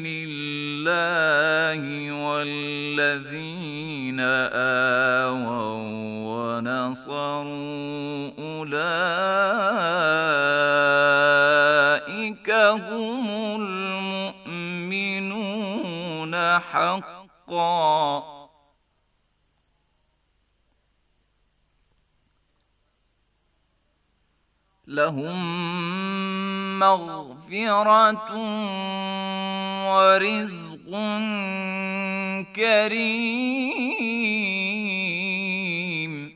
لله والذين آووا ونصروا أولئك هم المؤمنون حقا لهم مغفرة ورزق كريم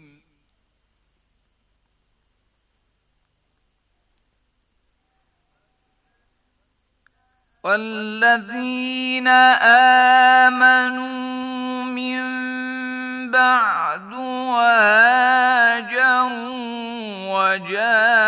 والذين آمنوا من بعد وهاجروا وجاهدوا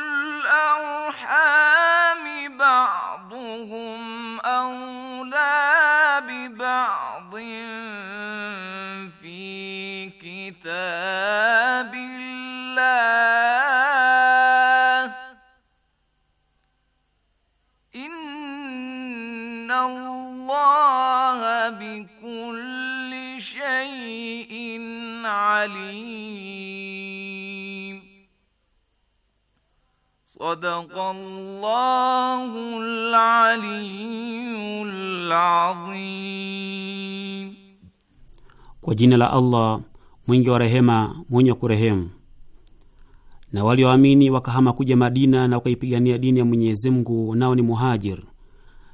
Kwa jina la Allah mwingi wa rehema mwenye kurehemu. Na walioamini wa wakahama kuja Madina na wakaipigania dini ya Mwenyezi Mungu, nao ni muhajiri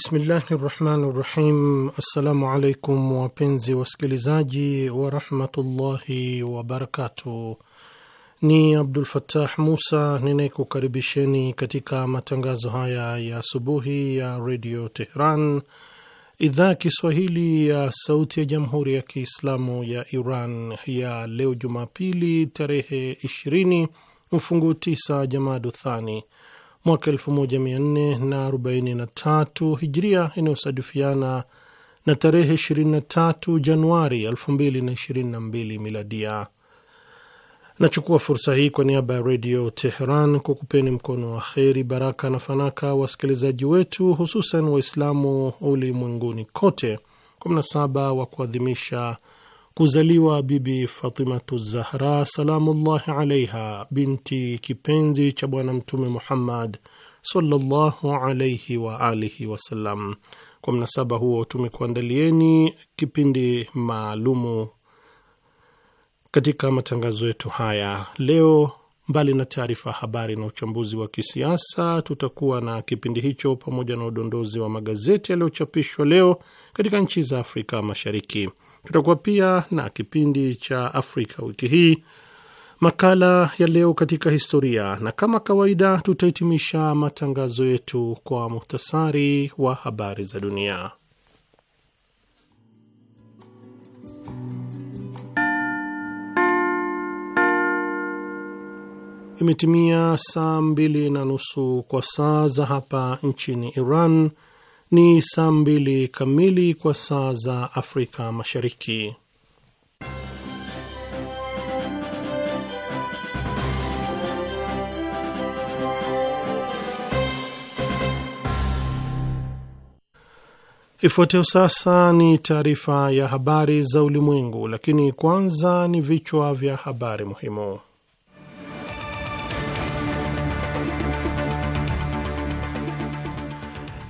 Bismillahi rahmani rahim. Assalamu alaikum wapenzi wasikilizaji warahmatullahi wabarakatuh. Ni Abdul Fattah Musa ninayekukaribisheni katika matangazo haya ya asubuhi ya redio Tehran, idhaa ya Kiswahili ya sauti ya jamhuri ya Kiislamu ya Iran ya leo Jumapili tarehe 20 mfungu 9 Jamadu Thani mwaka 1443 hijria inayosadifiana na tarehe 23 Januari 2022 miladia. Nachukua fursa hii kwa niaba ya redio Teheran kwa kupeni mkono wa kheri, baraka na fanaka wasikilizaji wetu, hususan Waislamu ulimwenguni kote kwa mnasaba wa kuadhimisha kuzaliwa Bibi Fatimatu Zahra salamullahi alaiha, binti kipenzi cha Bwana Mtume Muhammad sallallahu alaihi wa alihi wasallam. Kwa mnasaba huo tumekuandalieni kipindi maalumu katika matangazo yetu haya leo. Mbali na taarifa ya habari na uchambuzi wa kisiasa, tutakuwa na kipindi hicho pamoja na udondozi wa magazeti yaliyochapishwa leo katika nchi za Afrika Mashariki. Kutakuwa pia na kipindi cha Afrika wiki hii, makala ya leo katika historia, na kama kawaida tutahitimisha matangazo yetu kwa muhtasari wa habari za dunia. Imetimia saa mbili na nusu kwa saa za hapa nchini Iran ni saa mbili kamili kwa saa za Afrika Mashariki. Ifuatayo sasa ni taarifa ya habari za ulimwengu, lakini kwanza ni vichwa vya habari muhimu.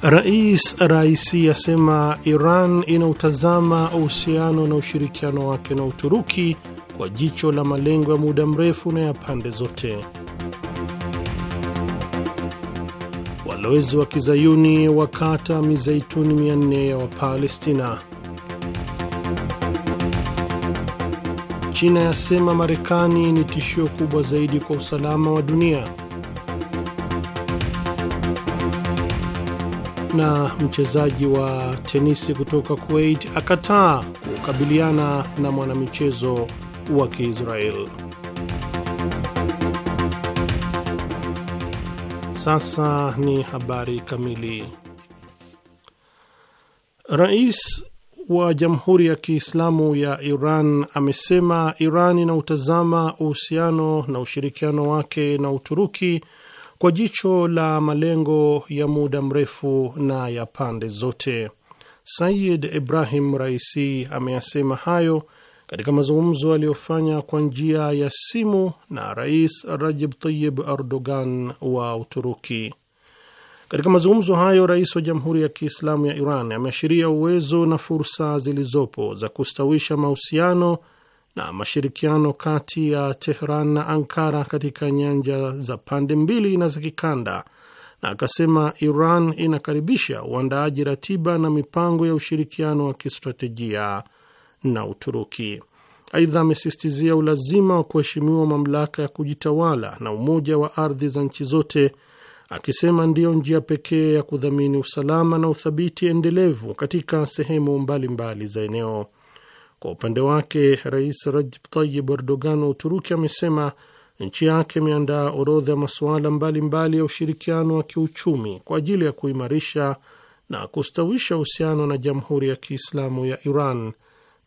Rais Raisi asema Iran inautazama uhusiano na ushirikiano wake na Uturuki kwa jicho la malengo ya muda mrefu na ya pande zote. Walowezi wa kizayuni wakata mizeituni 400 ya Wapalestina. China yasema Marekani ni tishio kubwa zaidi kwa usalama wa dunia. na mchezaji wa tenisi kutoka Kuwait akataa kukabiliana na mwanamichezo wa Kiisrael. Sasa ni habari kamili. Rais wa Jamhuri ya Kiislamu ya Iran amesema Iran inautazama uhusiano na ushirikiano wake na Uturuki kwa jicho la malengo ya muda mrefu na ya pande zote. Sayid Ibrahim Raisi ameyasema hayo katika mazungumzo aliyofanya kwa njia ya simu na Rais rajib Tayyib Erdogan wa Uturuki. Katika mazungumzo hayo, rais wa Jamhuri ya Kiislamu ya Iran ameashiria uwezo na fursa zilizopo za kustawisha mahusiano na mashirikiano kati ya Tehran na Ankara katika nyanja za pande mbili na za kikanda, na akasema Iran inakaribisha uandaaji ratiba na mipango ya ushirikiano wa kistratejia na Uturuki. Aidha, amesistizia ulazima wa kuheshimiwa mamlaka ya kujitawala na umoja wa ardhi za nchi zote, akisema ndiyo njia pekee ya kudhamini usalama na uthabiti endelevu katika sehemu mbalimbali mbali za eneo. Kwa upande wake, Rais Rajab tayib Erdogan wa Uturuki amesema nchi yake imeandaa orodha ya masuala mbalimbali ya ushirikiano wa kiuchumi kwa ajili ya kuimarisha na kustawisha uhusiano na Jamhuri ya Kiislamu ya Iran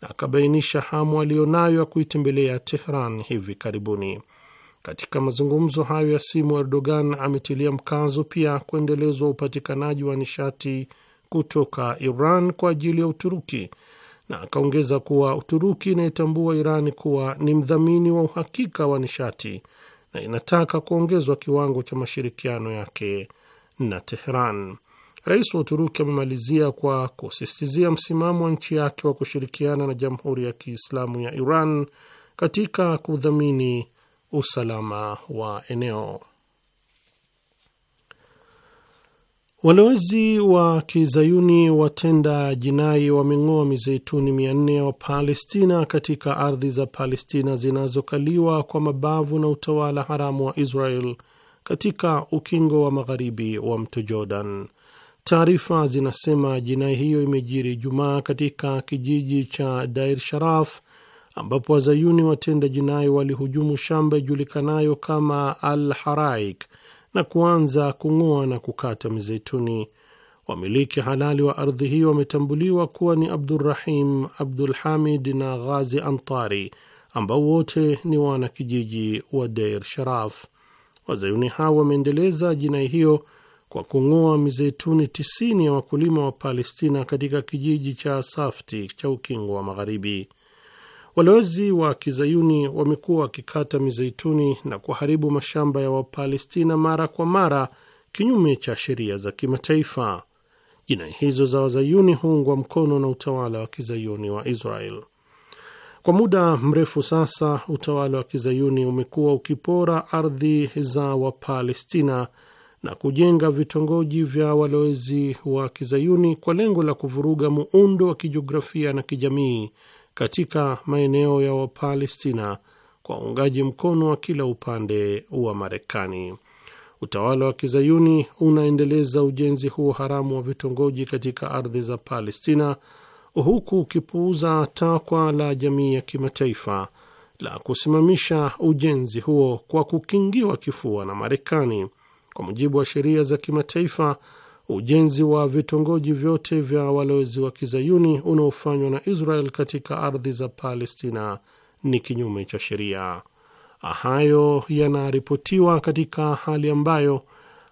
na akabainisha hamu aliyonayo ya kuitembelea Tehran hivi karibuni. Katika mazungumzo hayo ya simu, Erdogan ametilia mkazo pia kuendelezwa upatikanaji wa nishati kutoka Iran kwa ajili ya Uturuki na akaongeza kuwa Uturuki inayetambua Irani kuwa ni mdhamini wa uhakika wa nishati na inataka kuongezwa kiwango cha mashirikiano yake na Teheran. Rais wa Uturuki amemalizia kwa kusisitizia msimamo wa nchi yake wa kushirikiana na Jamhuri ya Kiislamu ya Iran katika kudhamini usalama wa eneo. Walowezi wa kizayuni watenda jinai wameng'oa mizeituni mia nne ya Wapalestina katika ardhi za Palestina zinazokaliwa kwa mabavu na utawala haramu wa Israel katika ukingo wa magharibi wa mto Jordan. Taarifa zinasema jinai hiyo imejiri Ijumaa katika kijiji cha Dair Sharaf ambapo wazayuni watenda jinai walihujumu shamba ijulikanayo kama Al Haraik na kuanza kung'oa na kukata mizeituni. Wamiliki halali wa ardhi hiyo wametambuliwa kuwa ni Abdurrahim, Abdulhamid na Ghazi Antari, ambao wote ni wanakijiji wa Deir Sharaf. Wazayuni hao wameendeleza jinai hiyo kwa kung'oa mizeituni 90 ya wakulima wa Palestina katika kijiji cha Safti cha Ukingo wa Magharibi. Walowezi wa kizayuni wamekuwa wakikata mizeituni na kuharibu mashamba ya Wapalestina mara kwa mara kinyume cha sheria za kimataifa. Jinai hizo za wazayuni huungwa mkono na utawala wa kizayuni wa Israel. Kwa muda mrefu sasa, utawala wa kizayuni umekuwa ukipora ardhi za Wapalestina na kujenga vitongoji vya walowezi wa kizayuni kwa lengo la kuvuruga muundo wa kijiografia na kijamii katika maeneo ya Wapalestina kwa uungaji mkono wa kila upande wa Marekani. Utawala wa kizayuni unaendeleza ujenzi huo haramu wa vitongoji katika ardhi za Palestina, huku ukipuuza takwa la jamii ya kimataifa la kusimamisha ujenzi huo kwa kukingiwa kifua na Marekani. Kwa mujibu wa sheria za kimataifa ujenzi wa vitongoji vyote vya walowezi wa kizayuni unaofanywa na Israel katika ardhi za Palestina ni kinyume cha sheria. Hayo yanaripotiwa katika hali ambayo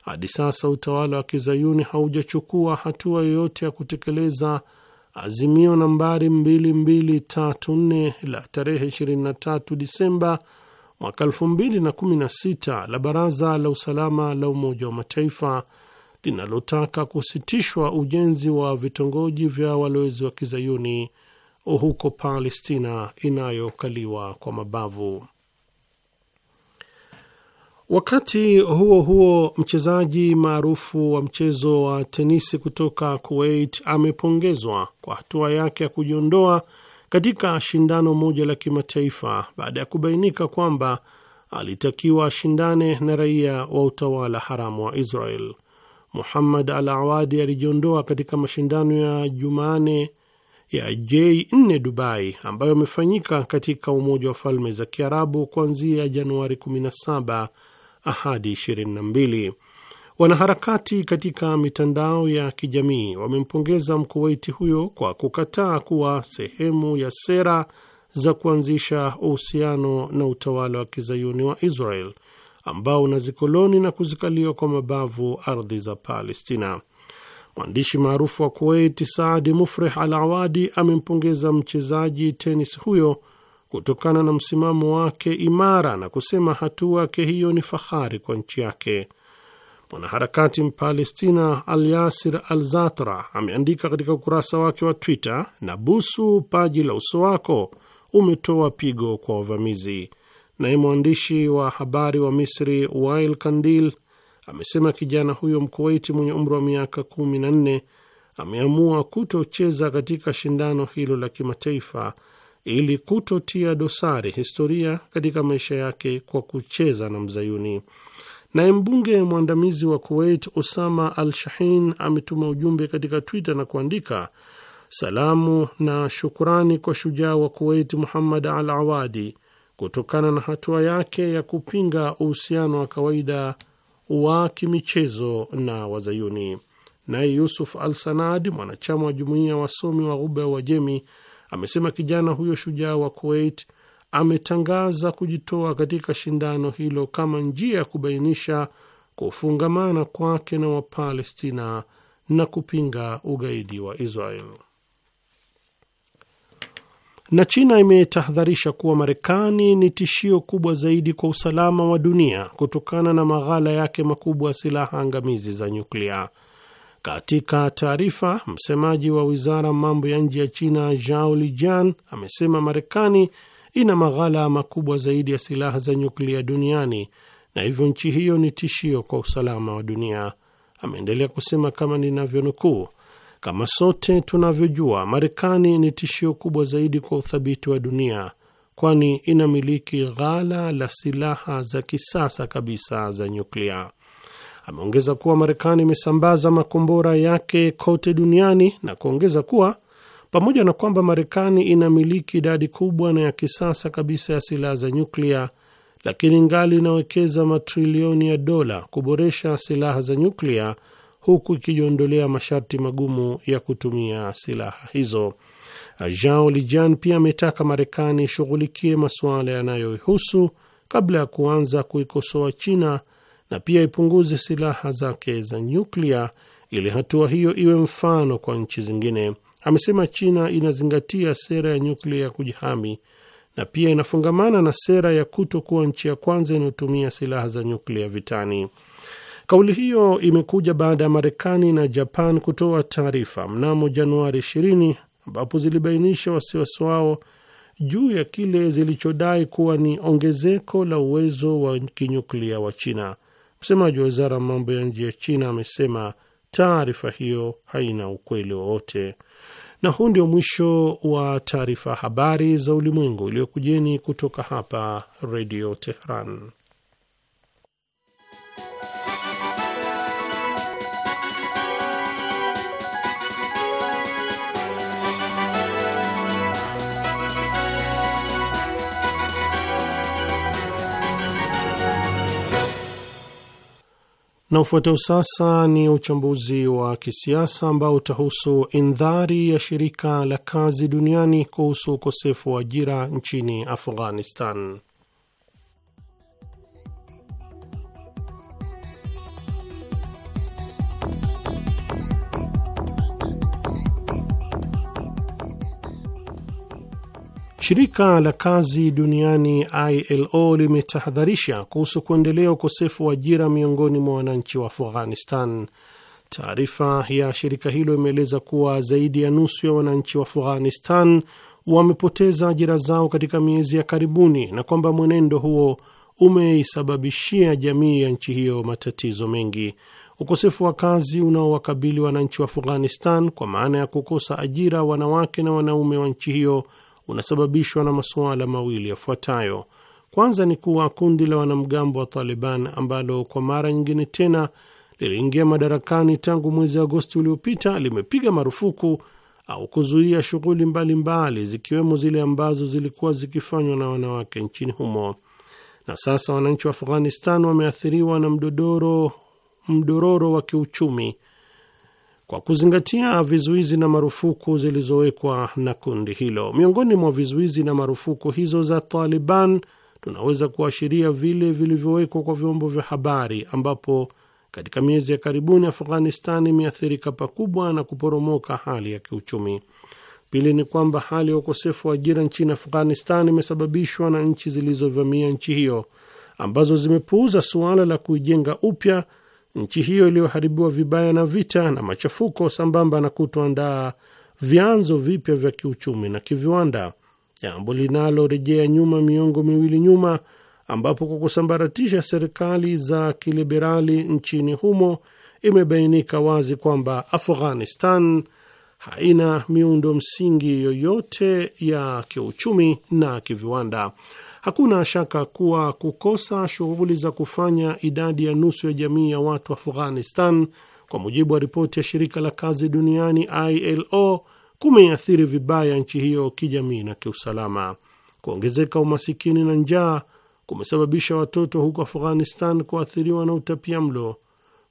hadi sasa utawala wa kizayuni haujachukua hatua yoyote ya kutekeleza azimio nambari 2234 la tarehe 23 Disemba mwaka 2016 la Baraza la Usalama la Umoja wa Mataifa linalotaka kusitishwa ujenzi wa vitongoji vya walowezi wa kizayuni huko Palestina inayokaliwa kwa mabavu. Wakati huo huo, mchezaji maarufu wa mchezo wa tenisi kutoka Kuwait amepongezwa kwa hatua yake ya kujiondoa katika shindano moja la kimataifa baada ya kubainika kwamba alitakiwa ashindane na raia wa utawala haramu wa Israel. Muhammad Al Awadi alijiondoa katika mashindano ya Jumane ya J4 Dubai ambayo amefanyika katika Umoja wa Falme za Kiarabu kuanzia Januari 17 hadi 22. Wanaharakati katika mitandao ya kijamii wamempongeza Mkuwaiti huyo kwa kukataa kuwa sehemu ya sera za kuanzisha uhusiano na utawala wa kizayuni wa Israel ambao unazikoloni na kuzikaliwa kwa mabavu ardhi za Palestina. Mwandishi maarufu wa Kuwait Saadi Mufreh Al Awadi amempongeza mchezaji tenis huyo kutokana na msimamo wake imara na kusema hatua yake hiyo ni fahari kwa nchi yake. Mwanaharakati Mpalestina Alyasir Al Zatra ameandika katika ukurasa wake wa Twitter, na busu paji la uso wako umetoa pigo kwa wavamizi. Naye mwandishi wa habari wa Misri Wail Kandil amesema kijana huyo Mkuwaiti mwenye umri wa miaka 14 ameamua kutocheza katika shindano hilo la kimataifa ili kutotia dosari historia katika maisha yake kwa kucheza na mzayuni. Naye mbunge mwandamizi wa Kuwait Osama Al Shahin ametuma ujumbe katika Twitter na kuandika salamu na shukurani kwa shujaa wa Kuwait Muhammad Al Awadi kutokana na hatua yake ya kupinga uhusiano wa kawaida wa kimichezo na Wazayuni. Naye Yusuf Al Sanad, mwanachama wa jumuiya wasomi wa Ghuba ya Uajemi, amesema kijana huyo shujaa wa Kuwait ametangaza kujitoa katika shindano hilo kama njia ya kubainisha kufungamana kwake na Wapalestina na kupinga ugaidi wa Israel na China imetahadharisha kuwa Marekani ni tishio kubwa zaidi kwa usalama wa dunia kutokana na maghala yake makubwa ya silaha angamizi za nyuklia. Katika taarifa, msemaji wa wizara mambo ya nje ya China Zhao Lijian amesema Marekani ina maghala makubwa zaidi ya silaha za nyuklia duniani na hivyo nchi hiyo ni tishio kwa usalama wa dunia. Ameendelea kusema kama ninavyonukuu, kama sote tunavyojua, Marekani ni tishio kubwa zaidi kwa uthabiti wa dunia, kwani inamiliki ghala la silaha za kisasa kabisa za nyuklia. Ameongeza kuwa Marekani imesambaza makombora yake kote duniani na kuongeza kuwa pamoja na kwamba Marekani inamiliki idadi kubwa na ya kisasa kabisa ya silaha za nyuklia, lakini ngali inawekeza matrilioni ya dola kuboresha silaha za nyuklia huku ikijiondolea masharti magumu ya kutumia silaha hizo. Jean Lijian pia ametaka Marekani ishughulikie masuala yanayoihusu kabla ya kuanza kuikosoa China na pia ipunguze silaha zake za nyuklia ili hatua hiyo iwe mfano kwa nchi zingine. Amesema China inazingatia sera ya nyuklia ya kujihami na pia inafungamana na sera ya kutokuwa nchi ya kwanza inayotumia silaha za nyuklia vitani. Kauli hiyo imekuja baada ya Marekani na Japan kutoa taarifa mnamo Januari 20 ambapo zilibainisha wasiwasi wao juu ya kile zilichodai kuwa ni ongezeko la uwezo wa kinyuklia wa China. Msemaji wa wizara ya mambo ya nje ya China amesema taarifa hiyo haina ukweli wowote. Na huu ndio mwisho wa taarifa habari za ulimwengu iliyokujeni kutoka hapa Redio Tehran. Na ufuatao sasa ni uchambuzi wa kisiasa ambao utahusu indhari ya shirika la kazi duniani kuhusu ukosefu wa ajira nchini Afghanistan. Shirika la kazi duniani ILO limetahadharisha kuhusu kuendelea ukosefu wa ajira miongoni mwa wananchi wa Afghanistan. Taarifa ya shirika hilo imeeleza kuwa zaidi ya nusu ya wananchi wa Afghanistan wamepoteza ajira zao katika miezi ya karibuni na kwamba mwenendo huo umeisababishia jamii ya nchi hiyo matatizo mengi. Ukosefu wa kazi unaowakabili wananchi wa Afghanistan, kwa maana ya kukosa ajira wanawake na wanaume wa nchi hiyo unasababishwa na masuala mawili yafuatayo. Kwanza ni kuwa kundi la wanamgambo wa Taliban ambalo kwa mara nyingine tena liliingia madarakani tangu mwezi Agosti uliopita limepiga marufuku au kuzuia shughuli mbalimbali zikiwemo zile ambazo zilikuwa zikifanywa na wanawake nchini humo. Na sasa wananchi wa Afghanistan wameathiriwa na mdodoro, mdororo wa kiuchumi kwa kuzingatia vizuizi na marufuku zilizowekwa na kundi hilo. Miongoni mwa vizuizi na marufuku hizo za Taliban tunaweza kuashiria vile vilivyowekwa kwa vyombo vya habari, ambapo katika miezi ya karibuni Afghanistan imeathirika pakubwa na kuporomoka hali ya kiuchumi. Pili ni kwamba hali ya ukosefu wa ajira nchini Afghanistan imesababishwa na nchi zilizovamia nchi hiyo ambazo zimepuuza suala la kuijenga upya nchi hiyo iliyoharibiwa vibaya na vita na machafuko, sambamba na kutoandaa vyanzo vipya vya kiuchumi na kiviwanda, jambo linalorejea nyuma miongo miwili nyuma, ambapo kwa kusambaratisha serikali za kiliberali nchini humo imebainika wazi kwamba Afghanistan haina miundo msingi yoyote ya kiuchumi na kiviwanda. Hakuna shaka kuwa kukosa shughuli za kufanya idadi ya nusu ya jamii ya watu Afghanistan, kwa mujibu wa ripoti ya shirika la kazi duniani ILO, kumeiathiri vibaya nchi hiyo kijamii na kiusalama. Kuongezeka umasikini na njaa kumesababisha watoto huko Afghanistan kuathiriwa na utapia mlo,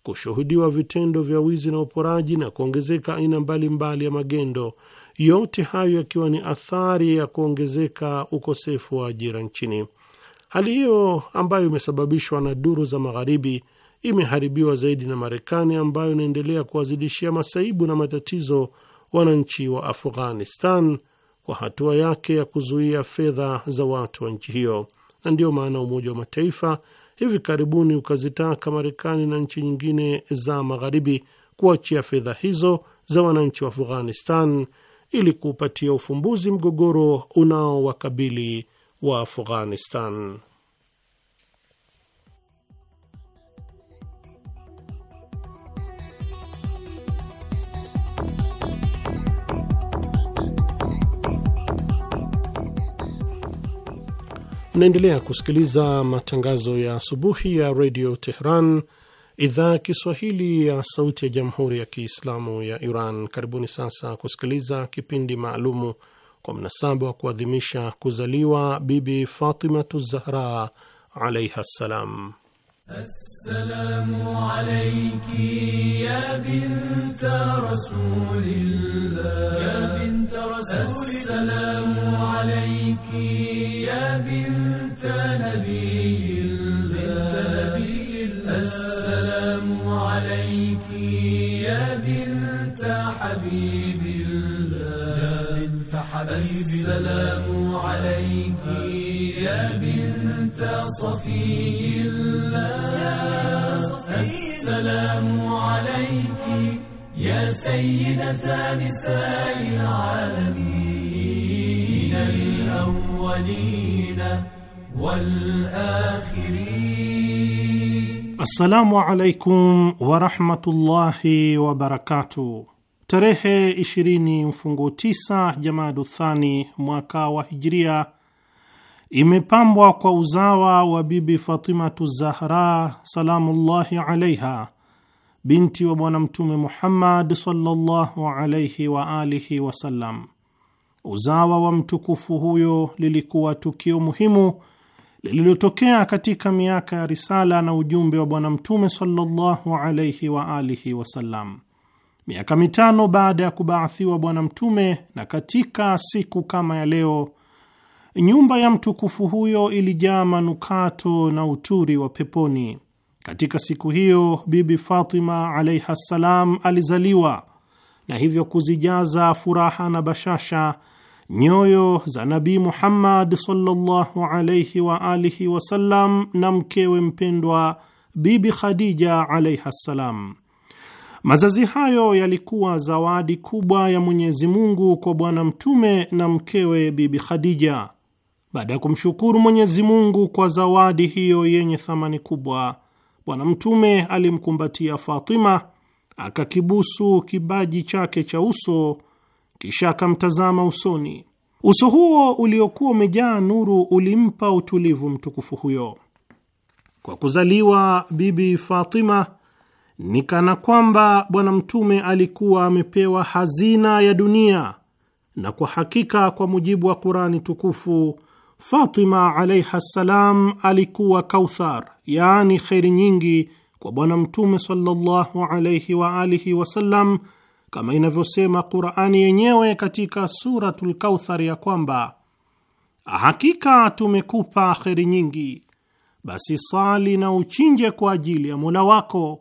kushuhudiwa vitendo vya wizi na uporaji na kuongezeka aina mbalimbali ya magendo yote hayo yakiwa ni athari ya kuongezeka ukosefu wa ajira nchini. Hali hiyo ambayo imesababishwa na duru za Magharibi imeharibiwa zaidi na Marekani ambayo inaendelea kuwazidishia masaibu na matatizo wananchi wa Afghanistan kwa hatua yake ya kuzuia fedha za watu wa nchi hiyo, na ndiyo maana Umoja wa Mataifa hivi karibuni ukazitaka Marekani na nchi nyingine za Magharibi kuachia fedha hizo za wananchi wa Afghanistan ili kuupatia ufumbuzi mgogoro unaowakabili wa Afghanistan. Mnaendelea kusikiliza matangazo ya asubuhi ya redio Tehran, idhaa Kiswahili ya Sauti ya Jamhuri ya Kiislamu ya Iran. Karibuni sasa kusikiliza kipindi maalumu kwa mnasaba wa kuadhimisha kuzaliwa Bibi Fatimatu Zahra alaiha ssalam. Assalamu alayki ya binta rasulillah, حبيبي سلام عليك يا بنت صفي الله السلام عليك يا سيدة نساء العالمين الأولين والآخرين السلام عليكم ورحمة الله وبركاته tarehe 20 mfungo 9 Jamadu Thani mwaka wa Hijria imepambwa kwa uzawa wa Bibi Fatimatu Zahra salamullahi alaiha, binti wa Bwana Mtume Muhammad sallallahu alaihi wa alihi wasallam. Uzawa wa mtukufu huyo lilikuwa tukio muhimu lililotokea katika miaka ya risala na ujumbe wa Bwana Mtume sallallahu alaihi wa alihi wasallam miaka mitano baada ya kubaathiwa Bwana Mtume, na katika siku kama ya leo nyumba ya mtukufu huyo ilijaa manukato na uturi wa peponi. Katika siku hiyo Bibi Fatima alaiha ssalam alizaliwa na hivyo kuzijaza furaha na bashasha nyoyo za nabi Muhammad sallallahu alaihi wa alihi wasallam na mkewe mpendwa Bibi Khadija alaiha ssalam. Mazazi hayo yalikuwa zawadi kubwa ya Mwenyezi Mungu kwa Bwana Mtume na mkewe Bibi Khadija. Baada ya kumshukuru Mwenyezi Mungu kwa zawadi hiyo yenye thamani kubwa, Bwana Mtume alimkumbatia Fatima, akakibusu kibaji chake cha uso, kisha akamtazama usoni. Uso huo uliokuwa umejaa nuru ulimpa utulivu mtukufu huyo. Kwa kuzaliwa Bibi Fatima ni kana kwamba Bwana Mtume alikuwa amepewa hazina ya dunia, na kwa hakika, kwa mujibu wa Kurani tukufu, Fatima alaiha ssalam alikuwa kauthar, yaani kheri nyingi kwa Bwana Mtume sallallahu alaihi wa alihi wasallam, kama inavyosema Qurani yenyewe katika Suratul Kauthar ya kwamba hakika tumekupa kheri nyingi, basi sali na uchinje kwa ajili ya Mola wako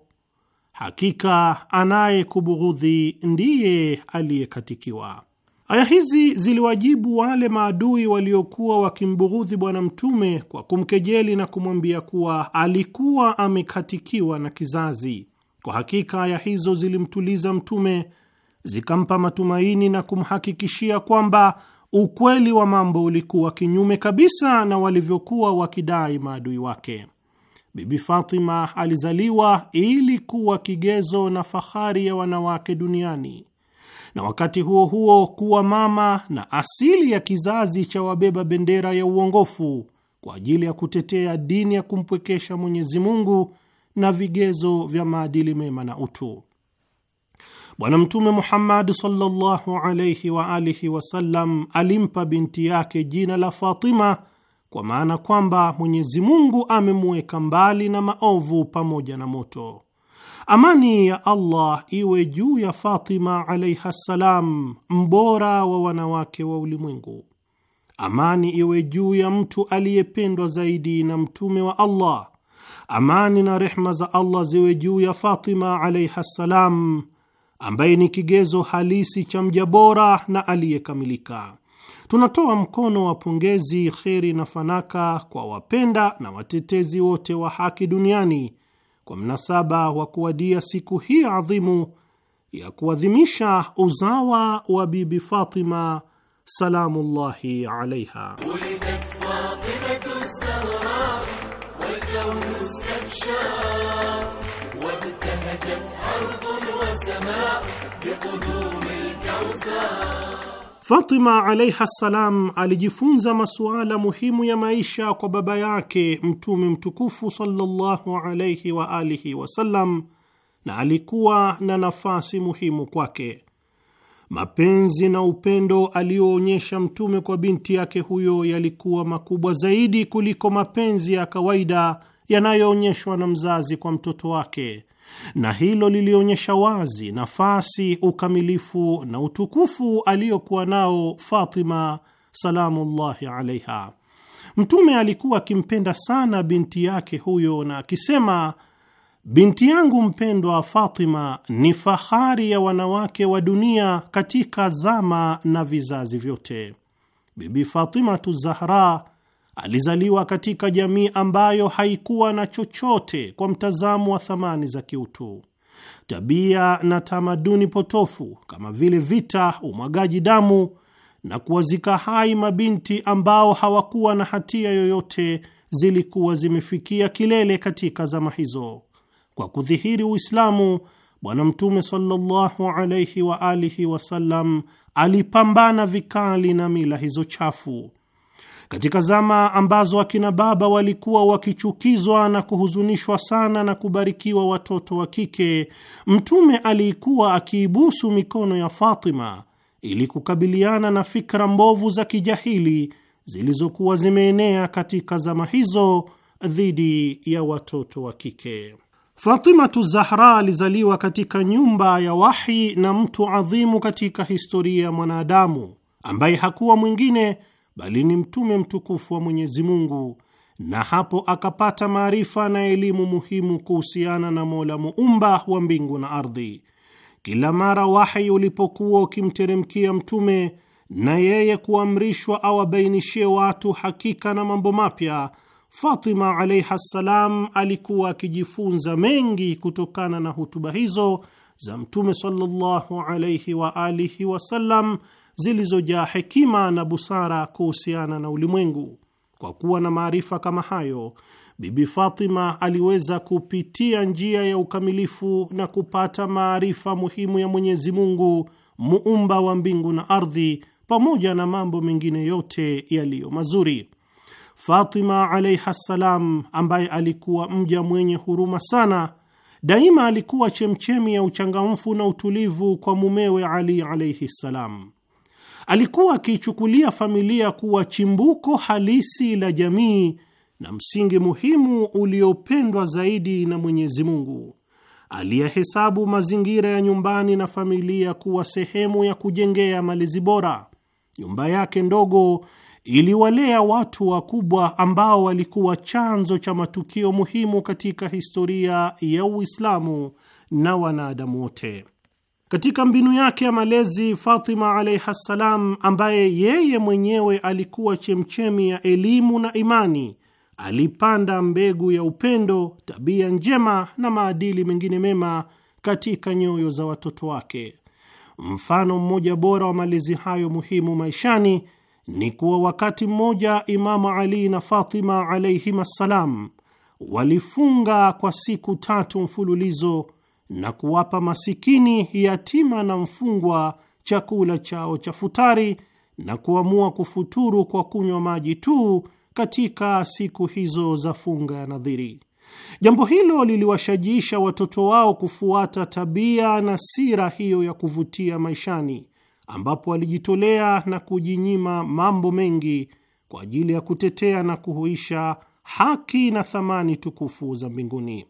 hakika anayekubughudhi ndiye aliyekatikiwa. Aya hizi ziliwajibu wale maadui waliokuwa wakimbughudhi Bwana Mtume kwa kumkejeli na kumwambia kuwa alikuwa amekatikiwa na kizazi. Kwa hakika aya hizo zilimtuliza Mtume, zikampa matumaini na kumhakikishia kwamba ukweli wa mambo ulikuwa kinyume kabisa na walivyokuwa wakidai maadui wake. Bibi Fatima alizaliwa ili kuwa kigezo na fahari ya wanawake duniani na wakati huo huo kuwa mama na asili ya kizazi cha wabeba bendera ya uongofu kwa ajili ya kutetea dini ya kumpwekesha Mwenyezi Mungu na vigezo vya maadili mema na utu. Bwana Mtume Muhammad sallallahu alayhi wa alihi wasallam alimpa binti yake jina la Fatima kwa maana kwamba Mwenyezi Mungu amemweka mbali na maovu pamoja na moto. Amani ya Allah iwe juu ya Fatima alaiha ssalam, mbora wa wanawake wa ulimwengu. Amani iwe juu ya mtu aliyependwa zaidi na mtume wa Allah. Amani na rehma za Allah ziwe juu ya Fatima alaiha ssalam, ambaye ni kigezo halisi cha mja bora na aliyekamilika. Tunatoa mkono wa pongezi, kheri na fanaka kwa wapenda na watetezi wote wa haki duniani kwa mnasaba wa kuwadia siku hii adhimu ya kuadhimisha uzawa wa Bibi Fatima salamullahi alaiha. Fatima alaiha ssalam alijifunza masuala muhimu ya maisha kwa baba yake Mtume mtukufu sallallahu alaihi wa alihi wasallam, na alikuwa na nafasi muhimu kwake. Mapenzi na upendo aliyoonyesha Mtume kwa binti yake huyo yalikuwa makubwa zaidi kuliko mapenzi ya kawaida yanayoonyeshwa na mzazi kwa mtoto wake na hilo lilionyesha wazi nafasi, ukamilifu na utukufu aliyokuwa nao Fatima salamullahi alaiha. Mtume alikuwa akimpenda sana binti yake huyo, na akisema, binti yangu mpendwa Fatima ni fahari ya wanawake wa dunia katika zama na vizazi vyote. Bibi Fatimatu Zahra Alizaliwa katika jamii ambayo haikuwa na chochote kwa mtazamo wa thamani za kiutu. Tabia na tamaduni potofu kama vile vita, umwagaji damu na kuwazika hai mabinti ambao hawakuwa na hatia yoyote zilikuwa zimefikia kilele katika zama hizo. Kwa kudhihiri Uislamu, Bwana Mtume sallallahu alaihi wa alihi wasallam alipambana vikali na mila hizo chafu katika zama ambazo akina baba walikuwa wakichukizwa na kuhuzunishwa sana na kubarikiwa watoto wa kike, Mtume alikuwa akiibusu mikono ya Fatima ili kukabiliana na fikra mbovu za kijahili zilizokuwa zimeenea katika zama hizo dhidi ya watoto wa kike. Fatimatu Zahra alizaliwa katika nyumba ya wahi na mtu adhimu katika historia ya mwanadamu ambaye hakuwa mwingine bali ni mtume mtukufu wa Mwenyezi Mungu, na hapo akapata maarifa na elimu muhimu kuhusiana na Mola muumba wa mbingu na ardhi. Kila mara wahi ulipokuwa ukimteremkia mtume na yeye kuamrishwa awabainishie watu hakika na mambo mapya, Fatima alaiha ssalam alikuwa akijifunza mengi kutokana na hutuba hizo za mtume sallallahu alaihi wa alihi wasallam zilizojaa hekima na busara kuhusiana na ulimwengu. Kwa kuwa na maarifa kama hayo, Bibi Fatima aliweza kupitia njia ya ukamilifu na kupata maarifa muhimu ya Mwenyezi Mungu muumba wa mbingu na ardhi, pamoja na mambo mengine yote yaliyo mazuri. Fatima alaiha ssalam, ambaye alikuwa mja mwenye huruma sana, daima alikuwa chemchemi ya uchangamfu na utulivu kwa mumewe Ali alaihi ssalam alikuwa akiichukulia familia kuwa chimbuko halisi la jamii na msingi muhimu uliopendwa zaidi na Mwenyezi Mungu. Aliyehesabu mazingira ya nyumbani na familia kuwa sehemu ya kujengea malezi bora. Nyumba yake ndogo iliwalea watu wakubwa ambao walikuwa chanzo cha matukio muhimu katika historia ya Uislamu na wanadamu wote. Katika mbinu yake ya malezi, Fatima alaihi ssalam, ambaye yeye mwenyewe alikuwa chemchemi ya elimu na imani, alipanda mbegu ya upendo, tabia njema na maadili mengine mema katika nyoyo za watoto wake. Mfano mmoja bora wa malezi hayo muhimu maishani ni kuwa wakati mmoja Imamu Ali na Fatima alaihim assalam walifunga kwa siku tatu mfululizo na kuwapa masikini, yatima na mfungwa chakula chao cha futari na kuamua kufuturu kwa kunywa maji tu katika siku hizo za funga ya nadhiri. Jambo hilo liliwashajiisha watoto wao kufuata tabia na sira hiyo ya kuvutia maishani, ambapo walijitolea na kujinyima mambo mengi kwa ajili ya kutetea na kuhuisha haki na thamani tukufu za mbinguni.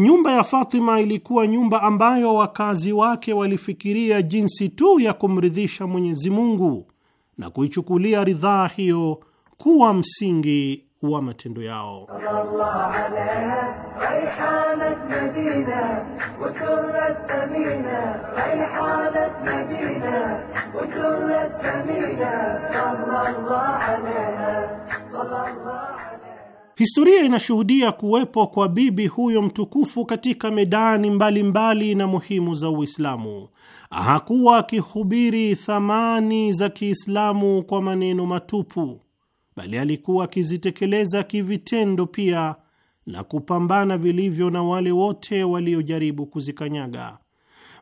Nyumba ya Fatima ilikuwa nyumba ambayo wakazi wake walifikiria jinsi tu ya kumridhisha Mwenyezi Mungu na kuichukulia ridhaa hiyo kuwa msingi wa matendo yao. Historia inashuhudia kuwepo kwa bibi huyo mtukufu katika medani mbalimbali mbali na muhimu za Uislamu. Hakuwa akihubiri thamani za Kiislamu kwa maneno matupu, bali alikuwa akizitekeleza kivitendo pia na kupambana vilivyo na wale wote waliojaribu kuzikanyaga.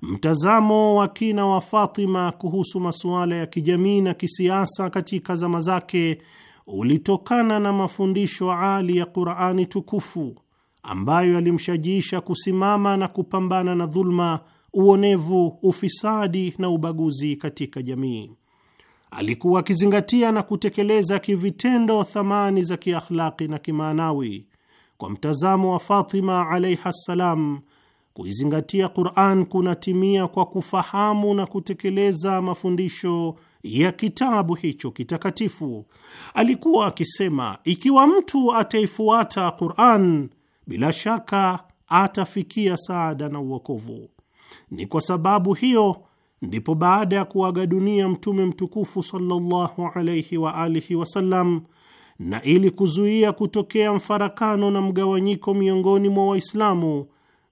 Mtazamo wa kina wa Fatima kuhusu masuala ya kijamii na kisiasa katika zama zake ulitokana na mafundisho ali ya Qur'ani tukufu ambayo yalimshajiisha kusimama na kupambana na dhulma, uonevu, ufisadi na ubaguzi katika jamii. Alikuwa akizingatia na kutekeleza kivitendo thamani za kiakhlaki na kimaanawi. Kwa mtazamo wa Fatima alaiha ssalam, kuizingatia Qur'an kunatimia kwa kufahamu na kutekeleza mafundisho ya kitabu hicho kitakatifu. Alikuwa akisema, ikiwa mtu ataifuata Qur'an, bila shaka atafikia saada na uokovu. Ni kwa sababu hiyo ndipo baada ya kuaga dunia Mtume mtukufu sallallahu wa alihi wasallam, na ili kuzuia kutokea mfarakano na mgawanyiko miongoni mwa Waislamu,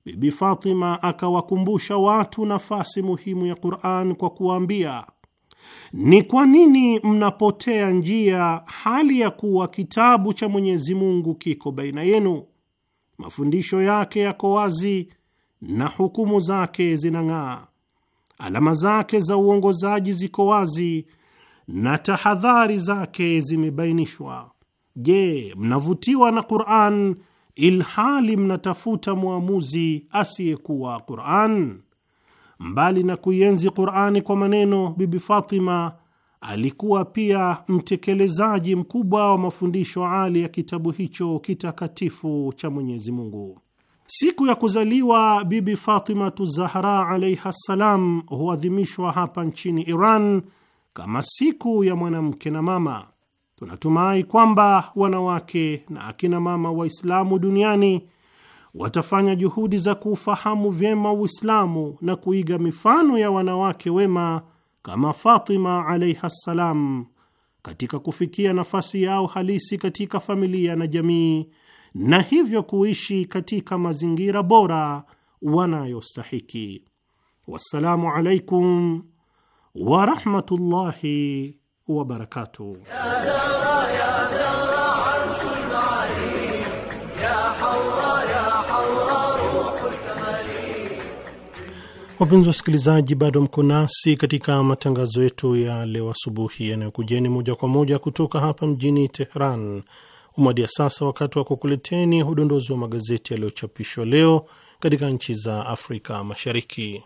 Bibi Fatima akawakumbusha watu nafasi muhimu ya Qur'an kwa kuwaambia ni kwa nini mnapotea njia hali ya kuwa kitabu cha Mwenyezi Mungu kiko baina yenu? Mafundisho yake yako wazi na hukumu zake zinang'aa. Alama zake za uongozaji ziko wazi na tahadhari zake zimebainishwa. Je, mnavutiwa na Qur'an ilhali mnatafuta mwamuzi asiyekuwa Qur'an? Mbali na kuienzi Qur'ani kwa maneno, Bibi Fatima alikuwa pia mtekelezaji mkubwa wa mafundisho ali ya kitabu hicho kitakatifu cha Mwenyezi Mungu. Siku ya kuzaliwa Bibi Fatimatu Zahra alaiha ssalam huadhimishwa hapa nchini Iran kama siku ya mwanamke na mama. Tunatumai kwamba wanawake na akina mama Waislamu duniani watafanya juhudi za kuufahamu vyema Uislamu na kuiga mifano ya wanawake wema kama Fatima alaiha ssalam katika kufikia nafasi yao halisi katika familia na jamii, na hivyo kuishi katika mazingira bora wanayostahiki. Wassalamu alaikum warahmatullahi wabarakatuh. Wapenzi wasikilizaji, bado mko nasi katika matangazo yetu ya leo asubuhi yanayokujeni moja kwa moja kutoka hapa mjini Tehran. Umewadia sasa wakati wa kukuleteni udondozi wa magazeti yaliyochapishwa leo katika nchi za Afrika Mashariki.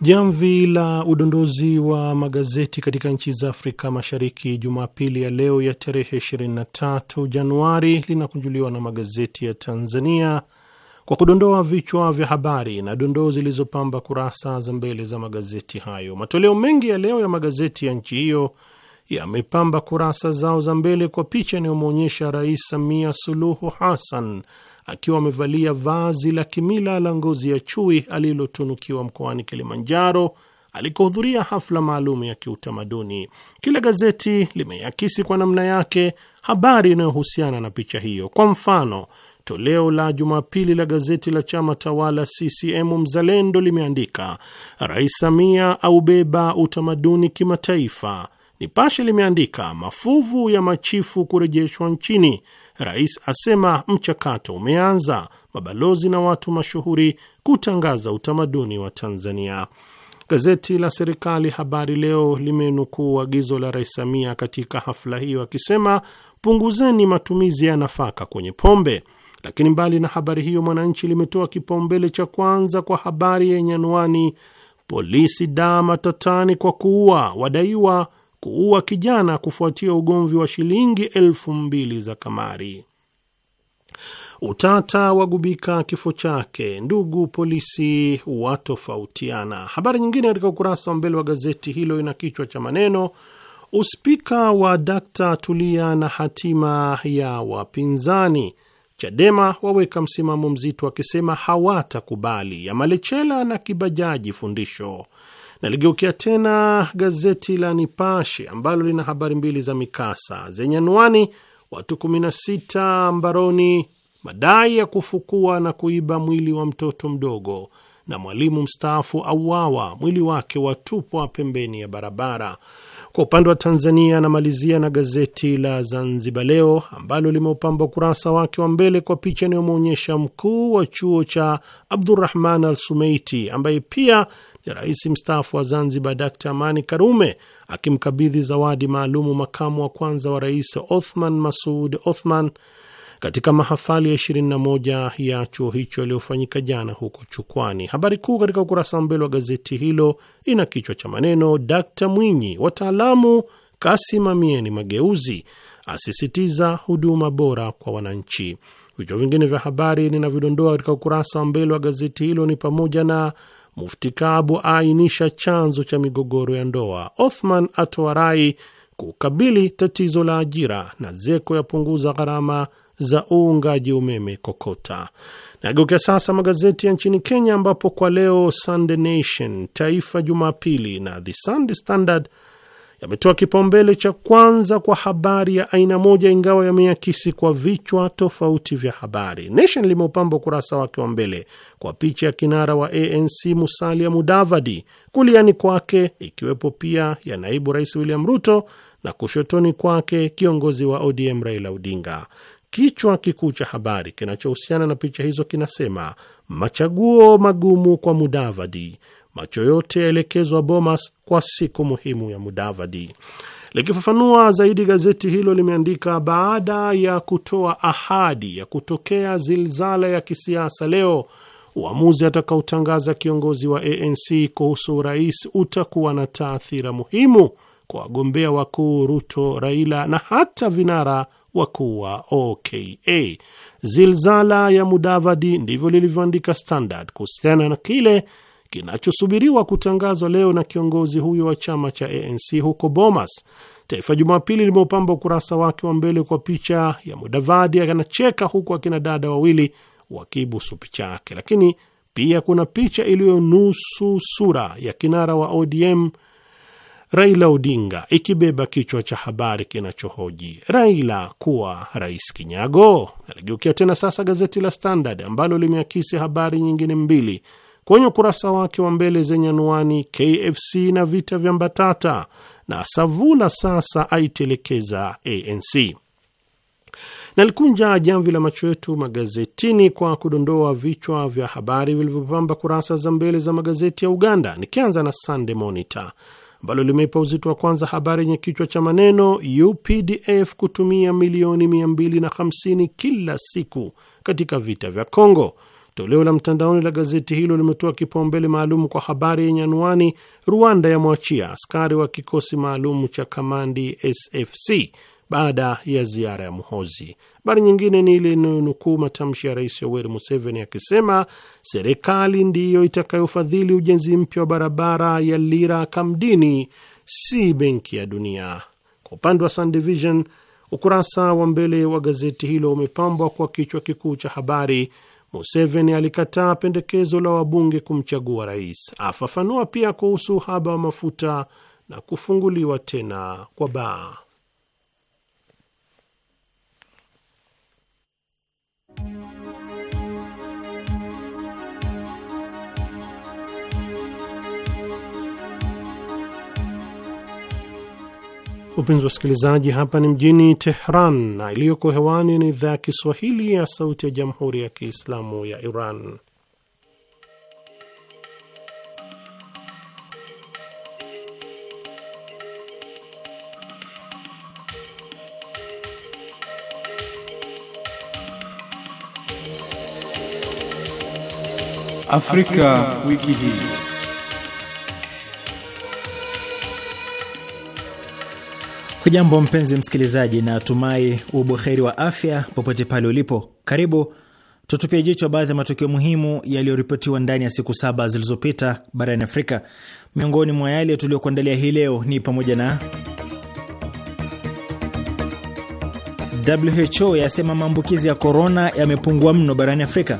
Jamvi la udondozi wa magazeti katika nchi za Afrika Mashariki Jumapili ya leo ya tarehe 23 Januari linakunjuliwa na magazeti ya Tanzania kwa kudondoa vichwa vya habari na dondoo zilizopamba kurasa za mbele za magazeti hayo. Matoleo mengi ya leo ya magazeti ya nchi hiyo yamepamba kurasa zao za mbele kwa picha inayomwonyesha Rais Samia Suluhu Hassan akiwa amevalia vazi la kimila la ngozi ya chui alilotunukiwa mkoani Kilimanjaro alikohudhuria hafla maalum ya kiutamaduni. Kila gazeti limeakisi kwa namna yake habari inayohusiana na picha hiyo. Kwa mfano, toleo la Jumapili la gazeti la chama tawala CCM Mzalendo limeandika Rais Samia aubeba utamaduni kimataifa. Nipashe limeandika mafuvu ya machifu kurejeshwa nchini Rais asema mchakato umeanza, mabalozi na watu mashuhuri kutangaza utamaduni wa Tanzania. Gazeti la serikali Habari Leo limenukuu agizo la Rais Samia katika hafla hiyo akisema, punguzeni matumizi ya nafaka kwenye pombe. Lakini mbali na habari hiyo, Mwananchi limetoa kipaumbele cha kwanza kwa habari yenye anwani polisi da matatani kwa kuua wadaiwa kuua kijana kufuatia ugomvi wa shilingi elfu mbili za kamari. Utata wagubika kifo chake. Ndugu polisi watofautiana. Habari nyingine katika ukurasa wa mbele wa gazeti hilo ina kichwa cha maneno uspika wa d Tulia na hatima ya wapinzani. Chadema waweka msimamo mzito, akisema hawatakubali. ya malechela na Kibajaji fundisho. Naligeukia tena gazeti la Nipashe ambalo lina habari mbili za mikasa zenye anwani watu 16 mbaroni, madai ya kufukua na kuiba mwili wa mtoto mdogo, na mwalimu mstaafu auawa, mwili wake watupwa pembeni ya barabara. Kwa upande wa Tanzania anamalizia na gazeti la Zanzibar Leo ambalo limeupamba ukurasa wake wa mbele kwa picha inayomwonyesha mkuu wa chuo cha Abdurrahman Al Sumeiti ambaye pia ya rais mstaafu wa Zanzibar Dkt Amani Karume akimkabidhi zawadi maalumu makamu wa kwanza wa rais Othman Masud Othman katika mahafali ya 21 ya chuo hicho yaliyofanyika jana huko Chukwani. Habari kuu katika ukurasa wa mbele wa gazeti hilo ina kichwa cha maneno Dkt Mwinyi, wataalamu kasimamieni mageuzi, asisitiza huduma bora kwa wananchi. Vichwa vingine vya habari ninavyodondoa katika ukurasa wa mbele wa gazeti hilo ni pamoja na Mufti aainisha chanzo cha migogoro ya ndoa, Othman atoa rai kukabili tatizo la ajira, na ZECO yapunguza gharama za uungaji umeme kokota. Nageukia sasa magazeti ya nchini Kenya, ambapo kwa leo Sunday Nation, Taifa Jumapili na The Sunday Standard yametoa kipaumbele cha kwanza kwa habari ya aina moja, ingawa yameakisi kwa vichwa tofauti vya habari. Nation limeupamba ukurasa wake wa mbele kwa picha ya kinara wa ANC Musalia Mudavadi, kuliani kwake ikiwepo pia ya naibu rais William Ruto na kushotoni kwake kiongozi wa ODM Raila Odinga. Kichwa kikuu cha habari kinachohusiana na picha hizo kinasema machaguo magumu kwa Mudavadi, macho yote yaelekezwa Bomas kwa siku muhimu ya Mudavadi. Likifafanua zaidi, gazeti hilo limeandika, baada ya kutoa ahadi ya kutokea zilzala ya kisiasa leo, uamuzi atakaotangaza kiongozi wa ANC kuhusu urais utakuwa na taathira muhimu kwa wagombea wakuu Ruto, Raila na hata vinara wakuu wa OKA. Zilzala ya Mudavadi, ndivyo lilivyoandika Standard kuhusiana na kile kinachosubiriwa kutangazwa leo na kiongozi huyo wa chama cha ANC huko Bomas. Taifa Jumapili limeupamba ukurasa wake wa mbele kwa picha ya Mudavadi anacheka huku akina dada wawili wakibusu picha yake, lakini pia kuna picha iliyo nusu sura ya kinara wa ODM Raila Odinga ikibeba kichwa cha habari kinachohoji Raila kuwa rais kinyago. Aligeukia tena sasa gazeti la Standard ambalo limeakisi habari nyingine mbili kwenye ukurasa wake wa mbele zenye anwani KFC na vita vya mbatata na Savula sasa aitelekeza ANC. Nalikunja jamvi la macho yetu magazetini kwa kudondoa vichwa vya habari vilivyopamba kurasa za mbele za magazeti ya Uganda, nikianza na Sunday Monitor ambalo limeipa uzito wa kwanza habari yenye kichwa cha maneno UPDF kutumia milioni 250 kila siku katika vita vya congo Toleo la mtandaoni la gazeti hilo limetoa kipaumbele maalum kwa habari yenye anwani Rwanda yamwachia askari wa kikosi maalum cha kamandi SFC baada ya ziara ya Muhozi. Habari nyingine ni ile inayonukuu matamshi ya Rais Yoweri Museveni akisema serikali ndiyo itakayofadhili ujenzi mpya wa barabara ya Lira Kamdini, si Benki ya Dunia. Kwa upande wa Sun ukurasa wa mbele wa gazeti hilo umepambwa kwa kichwa kikuu cha habari Museveni alikataa pendekezo la wabunge kumchagua rais. Afafanua pia kuhusu uhaba wa mafuta na kufunguliwa tena kwa baa. Upenzi wa wasikilizaji, hapa ni mjini Tehran na iliyoko hewani ni idhaa ya Kiswahili ya Sauti ya Jamhuri ya Kiislamu ya Iran. Afrika, Afrika wiki hii. Hujambo mpenzi msikilizaji, na tumai ubuheri wa afya popote pale ulipo. Karibu tutupie jicho baadhi ya matukio muhimu yaliyoripotiwa ndani ya siku saba zilizopita barani Afrika. Miongoni mwa yale tuliyokuandalia hii leo ni pamoja na WHO yasema maambukizi ya korona yamepungua mno barani Afrika.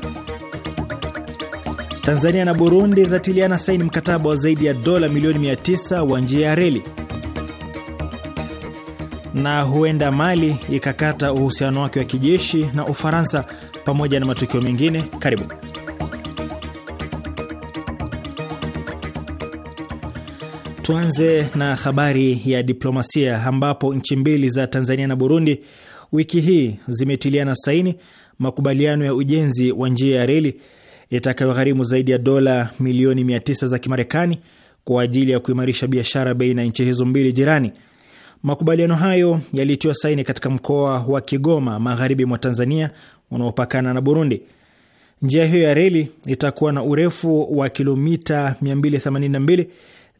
Tanzania na Burundi zatiliana saini mkataba wa zaidi ya dola milioni 900 wa njia ya reli na huenda Mali ikakata uhusiano wake wa kijeshi na Ufaransa pamoja na matukio mengine. Karibu. Tuanze na habari ya diplomasia ambapo nchi mbili za Tanzania na Burundi wiki hii zimetiliana saini makubaliano ya ujenzi wa njia ya reli itakayogharimu zaidi ya dola milioni i9 za Kimarekani kwa ajili ya kuimarisha biashara baina ya nchi hizo mbili jirani. Makubaliano hayo yalitiwa saini katika mkoa wa Kigoma, magharibi mwa Tanzania, unaopakana na Burundi. Njia hiyo ya reli itakuwa na urefu wa kilomita 282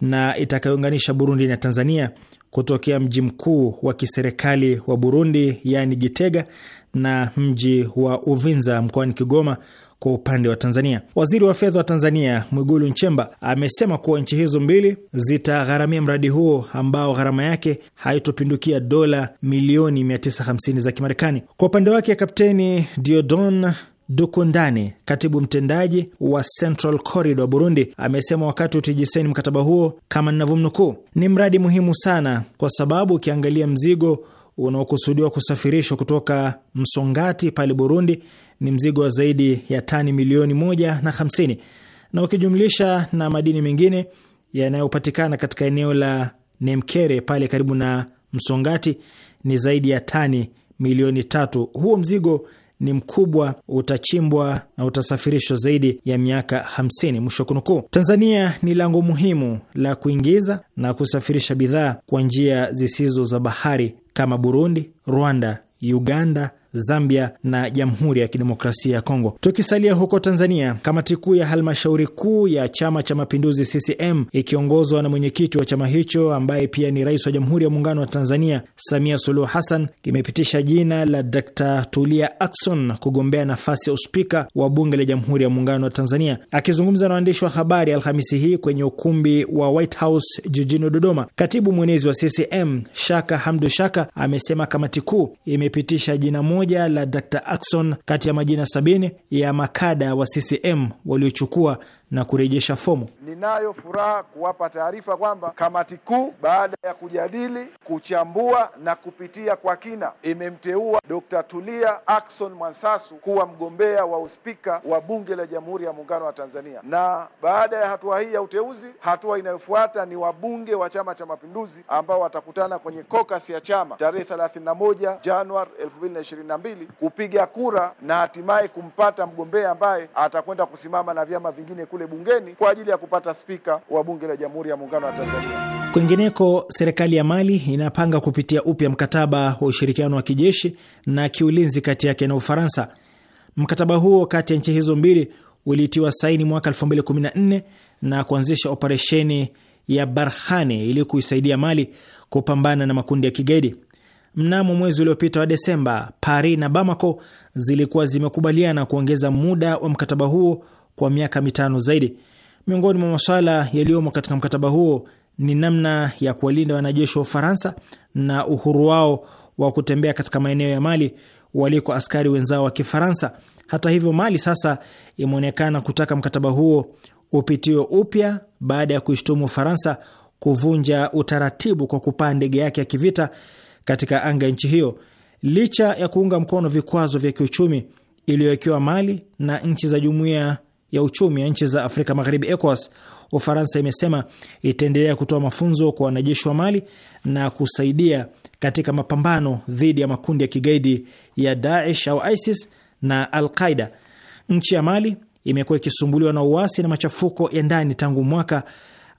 na itakayounganisha Burundi na Tanzania kutokea mji mkuu wa kiserikali wa Burundi, yaani Gitega, na mji wa Uvinza mkoani Kigoma kwa upande wa Tanzania. Waziri wa fedha wa Tanzania Mwigulu Nchemba amesema kuwa nchi hizo mbili zitagharamia mradi huo ambao gharama yake haitopindukia dola milioni 950 za Kimarekani. Kwa upande wake, Kapteni Diodon Dukundani, katibu mtendaji wa Central Corridor Burundi, amesema wakati utijiseni mkataba huo, kama ninavyomnukuu, ni mradi muhimu sana kwa sababu ukiangalia mzigo unaokusudiwa kusafirishwa kutoka Msongati pale Burundi ni mzigo wa zaidi ya tani milioni moja na hamsini na ukijumlisha na madini mengine yanayopatikana katika eneo la Nemkere pale karibu na Msongati ni zaidi ya tani milioni tatu. Huo mzigo ni mkubwa, utachimbwa na utasafirishwa zaidi ya miaka hamsini. Mwisho kunukuu. Tanzania ni lango muhimu la kuingiza na kusafirisha bidhaa kwa njia zisizo za bahari kama Burundi, Rwanda, Uganda Zambia na Jamhuri ya Kidemokrasia ya Kongo. Tukisalia huko Tanzania, kamati kuu ya halmashauri kuu ya Chama cha Mapinduzi CCM ikiongozwa na mwenyekiti wa chama hicho ambaye pia ni rais wa Jamhuri ya Muungano wa Tanzania Samia Suluhu Hassan kimepitisha jina la Dr. Tulia Ackson kugombea nafasi ya uspika wa Bunge la Jamhuri ya Muungano wa Tanzania. Akizungumza na waandishi wa habari Alhamisi hii kwenye ukumbi wa White House jijini Dodoma, katibu mwenezi wa CCM Shaka Hamdu Shaka amesema kamati kuu imepitisha jina moja moja la Dr Axon kati ya majina 7b0 ya makada wa CCM waliochukua na kurejesha fomu. Ninayo furaha kuwapa taarifa kwamba kamati kuu baada ya kujadili, kuchambua na kupitia kwa kina imemteua d Tulia Ackson Mwansasu kuwa mgombea wa uspika wa Bunge la Jamhuri ya Muungano wa Tanzania. Na baada ya hatua hii ya uteuzi, hatua inayofuata ni wabunge wa Chama cha Mapinduzi ambao watakutana kwenye kokasi ya chama tarehe 31 Januari 2022 kupiga kura na hatimaye kumpata mgombea ambaye atakwenda kusimama na vyama vingine kule kule bungeni kwa ajili ya kupata spika wa bunge la Jamhuri ya Muungano wa Tanzania. Kwingineko, serikali ya Mali inapanga kupitia upya mkataba wa ushirikiano wa kijeshi na kiulinzi kati yake na Ufaransa. Mkataba huo kati ya nchi hizo mbili ulitiwa saini mwaka 2014 na kuanzisha operesheni ya Barhane ili kuisaidia Mali kupambana na makundi ya kigaidi. Mnamo mwezi uliopita wa Desemba, Paris na Bamako zilikuwa zimekubaliana kuongeza muda wa mkataba huo kwa miaka mitano zaidi. Miongoni mwa masuala yaliyomo katika mkataba huo ni namna ya kuwalinda wanajeshi wa Ufaransa na uhuru wao wa kutembea katika maeneo ya Mali waliko askari wenzao wa Kifaransa. Hata hivyo, Mali sasa imeonekana kutaka mkataba huo upitiwe upya baada ya kuishtumu Ufaransa kuvunja utaratibu kwa kupaa ndege yake ya kivita katika anga ya nchi hiyo. Licha ya kuunga mkono vikwazo vya kiuchumi iliyowekewa Mali na nchi za jumuiya ya uchumi ya nchi za Afrika Magharibi, ECOWAS, Ufaransa imesema itaendelea kutoa mafunzo kwa wanajeshi wa Mali na kusaidia katika mapambano dhidi ya makundi ya kigaidi ya Daesh au ISIS na Al Qaida. Nchi ya Mali imekuwa ikisumbuliwa na uasi na machafuko ya ndani tangu mwaka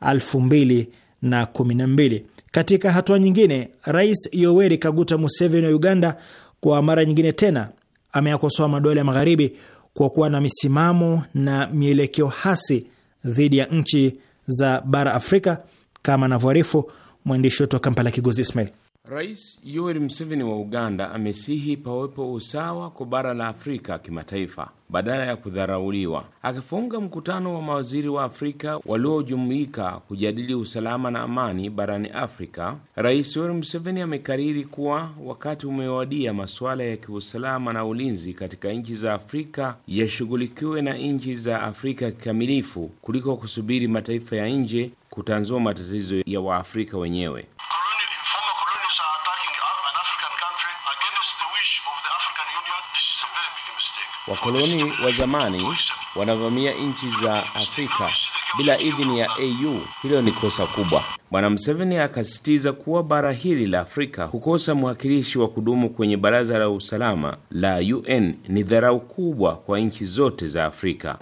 2012. Katika hatua nyingine, Rais Yoweri Kaguta Museveni wa Uganda kwa mara nyingine tena ameyakosoa madola ya magharibi kwa kuwa na misimamo na mielekeo hasi dhidi ya nchi za bara Afrika, kama anavyoarifu mwandishi wetu wa Kampala, Kigozi Ismail. Rais Yoweri Museveni wa Uganda amesihi pawepo usawa kwa bara la Afrika kimataifa badala ya kudharauliwa, akifunga mkutano wa mawaziri wa Afrika waliojumuika kujadili usalama na amani barani Afrika. Rais Yoweri Museveni amekariri kuwa wakati umewadia masuala ya kiusalama na ulinzi katika nchi za Afrika yashughulikiwe na nchi za Afrika kikamilifu kuliko kusubiri mataifa ya nje kutanzua matatizo ya Waafrika wenyewe. wakoloni wa zamani wanavamia nchi za Afrika bila idhini ya AU. Hilo ni kosa kubwa. Bwana Museveni akasisitiza kuwa bara hili la Afrika kukosa mwakilishi wa kudumu kwenye Baraza la Usalama la UN ni dharau kubwa kwa nchi zote za Afrika.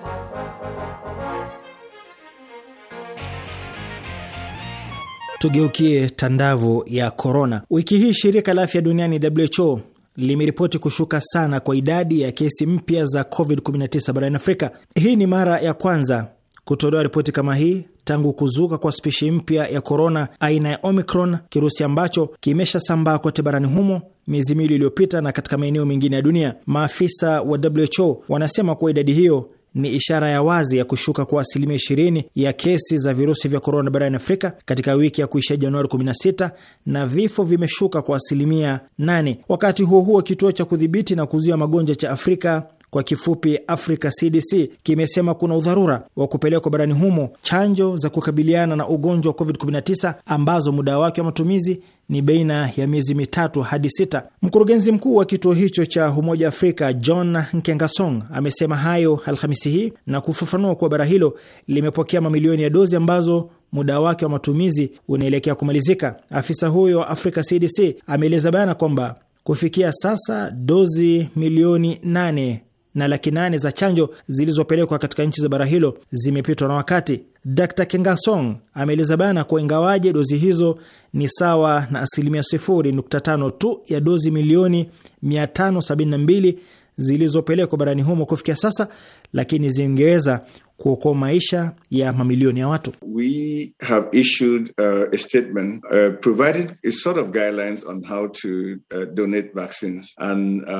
Tugeukie tandavu ya korona. Wiki hii shirika la afya duniani WHO limeripoti kushuka sana kwa idadi ya kesi mpya za COVID-19 barani Afrika. Hii ni mara ya kwanza kutolewa ripoti kama hii tangu kuzuka kwa spishi mpya ya korona aina ya Omicron, kirusi ambacho kimeshasambaa kote barani humo miezi miwili iliyopita na katika maeneo mengine ya dunia. Maafisa wa WHO wanasema kuwa idadi hiyo ni ishara ya wazi ya kushuka kwa asilimia 20 ya kesi za virusi vya korona barani Afrika katika wiki ya kuishia Januari 16 na vifo vimeshuka kwa asilimia 8. Wakati huo huo, kituo cha kudhibiti na kuzuia magonjwa cha Afrika kwa kifupi Africa CDC, kimesema kuna udharura wa kupelekwa barani humo chanjo za kukabiliana na ugonjwa wa COVID-19 ambazo muda wake wa matumizi ni baina ya miezi mitatu hadi sita. Mkurugenzi mkuu wa kituo hicho cha Umoja Afrika John Nkengasong amesema hayo Alhamisi hii na kufafanua kuwa bara hilo limepokea mamilioni ya dozi ambazo muda wake wa matumizi unaelekea kumalizika. Afisa huyo wa Africa CDC ameeleza bayana kwamba kufikia sasa dozi milioni nane na laki nane za chanjo zilizopelekwa katika nchi za bara hilo zimepitwa na wakati. Dr Kengasong ameeleza bayana kuwa ingawaje dozi hizo ni sawa na asilimia 0.5 tu ya dozi milioni 572 zilizopelekwa barani humo kufikia sasa, lakini zingeweza kuokoa maisha ya mamilioni ya watu. We have issued uh, a statement uh, provided a sort of guidelines on how to uh, donate vaccines and uh,